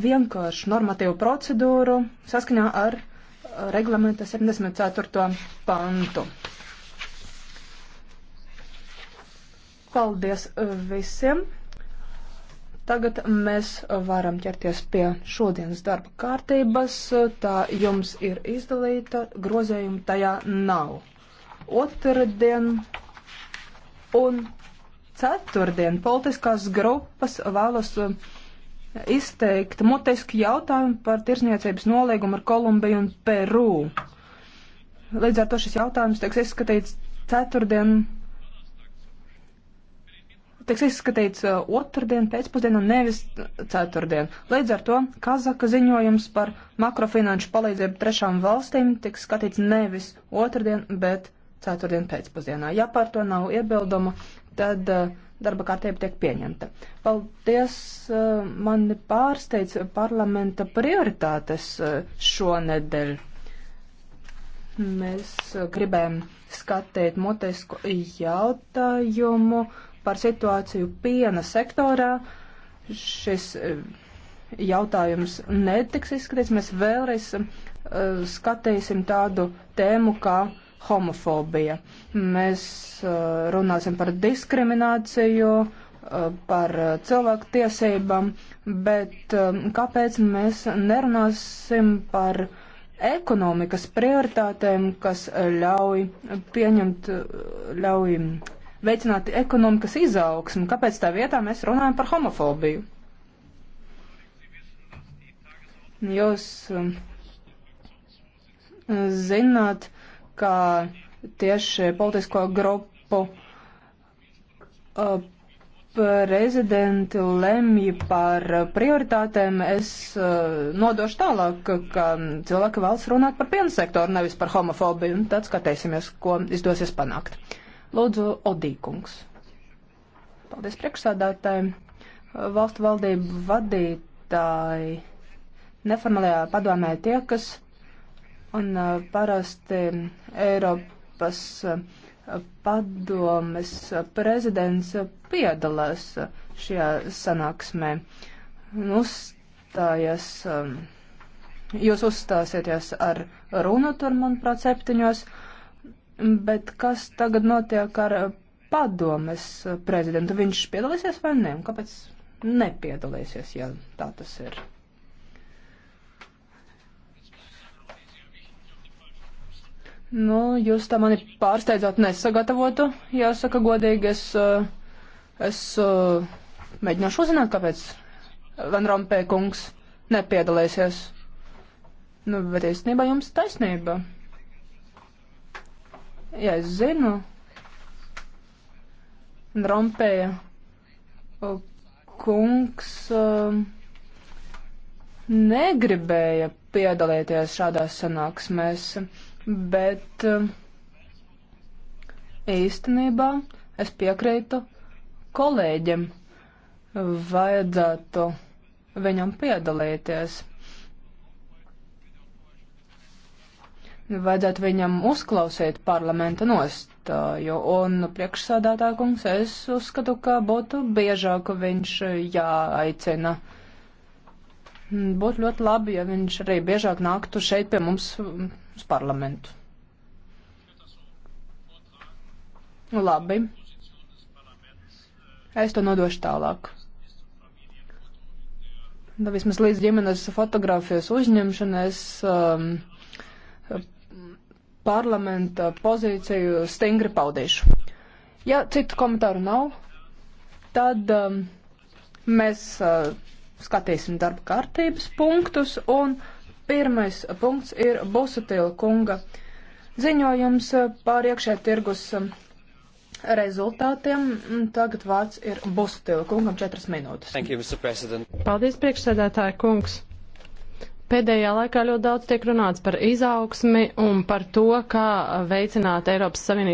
vienkāršu normatīvu procedūru saskaņā ar uh, reglamenta 74. pantu. Paldies uh, visiem! Tagad mēs varam ķerties pie šodienas darba kārtības. Tā jums ir izdalīta, grozējumu tajā nav. Otradien un ceturtdien politiskās grupas vēlas. Uh, izteikt mutisku jautājumu par tirsniecības noliegumu ar Kolumbiju un Peru. Līdz ar to šis jautājums tiks izskatīts ceturtdien, tiks izskatīts uh, otrdien pēcpusdien un nevis ceturtdien. Līdz ar to Kazaka ziņojums par makrofinanšu palīdzību trešām valstīm tiks skatīts nevis otrdien, bet ceturtdien ceturtdien pēcpusdienā. Ja par to nav iebildumu, tad eh, darba kārtība tiek pieņemta. Paldies, eh, mani pārsteidz parlamenta prioritātes eh, šonedēļ. Mēs gribējam skatīt mutēsku jautājumu par situāciju piena sektorā. Šis jautājums netiks izskatīts. Mēs vēlreiz skatīsim tādu tēmu kā uh, homofobija. Mēs uh, runāsim par diskrimināciju, uh, par uh, cilvēku tiesībām, bet um, kāpēc mēs nerunāsim par ekonomikas prioritātēm, kas ļauj pieņemt, ļauj veicināt ekonomikas izaugsmu? Kāpēc tā vietā mēs runājam par homofobiju? Jūs um, zināt, ka tieši politisko grupu uh, prezidenti lemj par prioritātēm, es uh, nodošu tālāk, ka cilvēki vēlas runāt par piena sektoru, nevis par homofobiju, un tad skatīsimies, ko izdosies panākt. Lūdzu, Odīkungs. Paldies priekšsādātāji. Valstu valdību vadītāji neformālajā padomē tie, kas Un parasti Eiropas padomes prezidents piedalās šajā sanāksmē. Uzstājas, jūs uzstāsieties ar runu tur, manuprāt, septiņos, bet kas tagad notiek ar padomes prezidentu? Viņš piedalīsies vai ne? Un kāpēc nepiedalīsies, ja tā tas ir? Nu, jūs tā mani pārsteidzāt nesagatavotu, jāsaka godīgi. Es, eh, es eh, mēģināšu uzzināt, kāpēc Van Rompē kungs nepiedalīsies. Nu, bet īstenībā jums taisnība. Jā, es zinu. Van Rompē eh, kungs. Uh, negribēja piedalīties šādās sanāksmēs, bet um, īstenībā es piekrītu kolēģim, vajadzētu viņam piedalīties. Vajadzētu viņam uzklausīt parlamenta nostāju, un priekšsādātā kungs es uzskatu, ka būtu biežāk viņš jāaicina. Uh, Būtu ļoti labi, ja viņš arī biežāk nāktu šeit pie mums mm, uz parlamentu. Labi. Es to nodošu tālāk. Da, nu, vismaz līdz ģimenes fotografijas uzņemšanas um, parlamenta pozīciju stingri paudīšu. Ja citu komentāru nav, tad um, mēs. Uh, skatīsim darba kārtības punktus, un pirmais punkts ir Busutila kunga ziņojums par iekšē tirgus um, rezultātiem. Tagad vārds ir Busutila kungam četras minūtes. Thank you, Mr. President. Paldies, priekšsēdētāja kungs. Pēdējā laikā ļoti daudz tiek runāts par izaugsmi un par to, kā veicināt Eiropas Savienības.